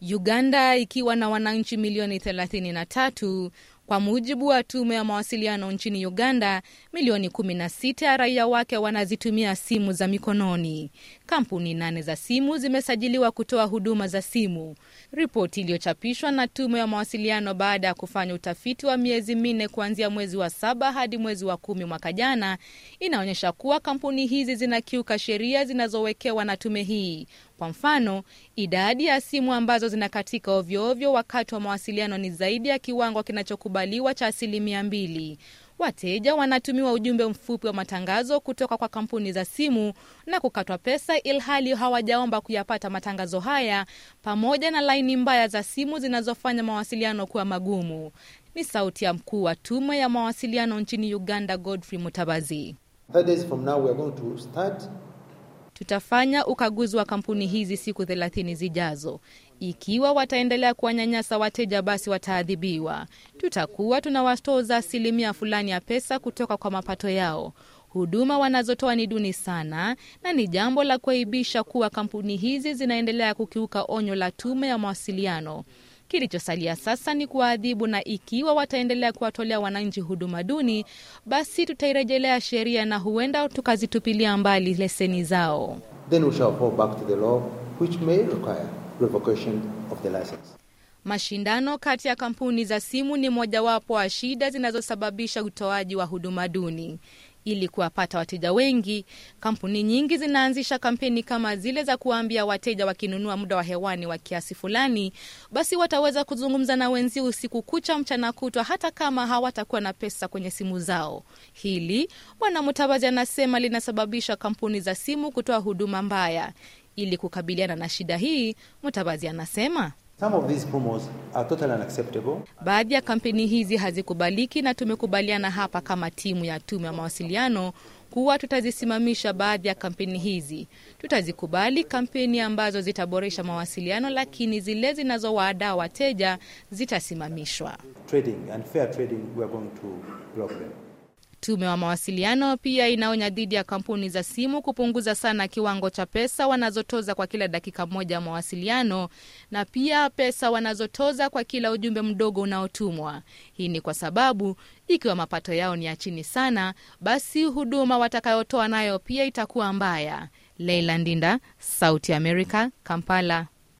Uganda ikiwa na wananchi milioni 33 kwa mujibu wa tume ya mawasiliano nchini Uganda, milioni 16 ya raia wake wanazitumia simu za mikononi. Kampuni nane za simu zimesajiliwa kutoa huduma za simu. Ripoti iliyochapishwa na tume ya mawasiliano baada ya kufanya utafiti wa miezi minne kuanzia mwezi wa saba hadi mwezi wa kumi mwaka jana inaonyesha kuwa kampuni hizi zinakiuka sheria zinazowekewa na tume hii, kwa mfano, idadi ya simu ambazo zinakatika ovyoovyo wakati wa mawasiliano ni zaidi ya kiwango kinachokubaliwa cha asilimia mbili. Wateja wanatumiwa ujumbe mfupi wa matangazo kutoka kwa kampuni za simu na kukatwa pesa ilhali hawajaomba kuyapata matangazo haya, pamoja na laini mbaya za simu zinazofanya mawasiliano kuwa magumu. Ni sauti ya mkuu wa tume ya mawasiliano nchini Uganda, Godfrey Mutabazi. Tutafanya ukaguzi wa kampuni hizi siku thelathini zijazo. Ikiwa wataendelea kuwanyanyasa wateja, basi wataadhibiwa. Tutakuwa tunawatoza asilimia fulani ya pesa kutoka kwa mapato yao. Huduma wanazotoa ni duni sana na ni jambo la kuaibisha kuwa kampuni hizi zinaendelea kukiuka onyo la Tume ya Mawasiliano. Kilichosalia sasa ni kuwaadhibu, na ikiwa wataendelea kuwatolea wananchi huduma duni, basi tutairejelea sheria na huenda tukazitupilia mbali leseni zao. Then we shall fall back to the law which may require revocation of the license. Mashindano kati ya kampuni za simu ni mojawapo wa shida zinazosababisha utoaji wa huduma duni. Ili kuwapata wateja wengi, kampuni nyingi zinaanzisha kampeni kama zile za kuwaambia wateja wakinunua muda wa hewani wa kiasi fulani, basi wataweza kuzungumza na wenzi usiku kucha, mchana kutwa, hata kama hawatakuwa na pesa kwenye simu zao. Hili Bwana Mutabazi anasema linasababisha kampuni za simu kutoa huduma mbaya. Ili kukabiliana na shida hii, Mutabazi anasema Some of these promos are totally unacceptable. Baadhi ya kampeni hizi hazikubaliki na tumekubaliana hapa kama timu ya tume ya mawasiliano kuwa tutazisimamisha baadhi ya kampeni hizi. Tutazikubali kampeni ambazo zitaboresha mawasiliano, lakini zile zinazowaadaa wateja zitasimamishwa. Trading and fair trading, we are going to block them. Tume wa mawasiliano pia inaonya dhidi ya kampuni za simu kupunguza sana kiwango cha pesa wanazotoza kwa kila dakika moja ya mawasiliano na pia pesa wanazotoza kwa kila ujumbe mdogo unaotumwa. Hii ni kwa sababu ikiwa mapato yao ni ya chini sana, basi huduma watakayotoa nayo pia itakuwa mbaya. Leila Ndinda, Sauti America, Kampala.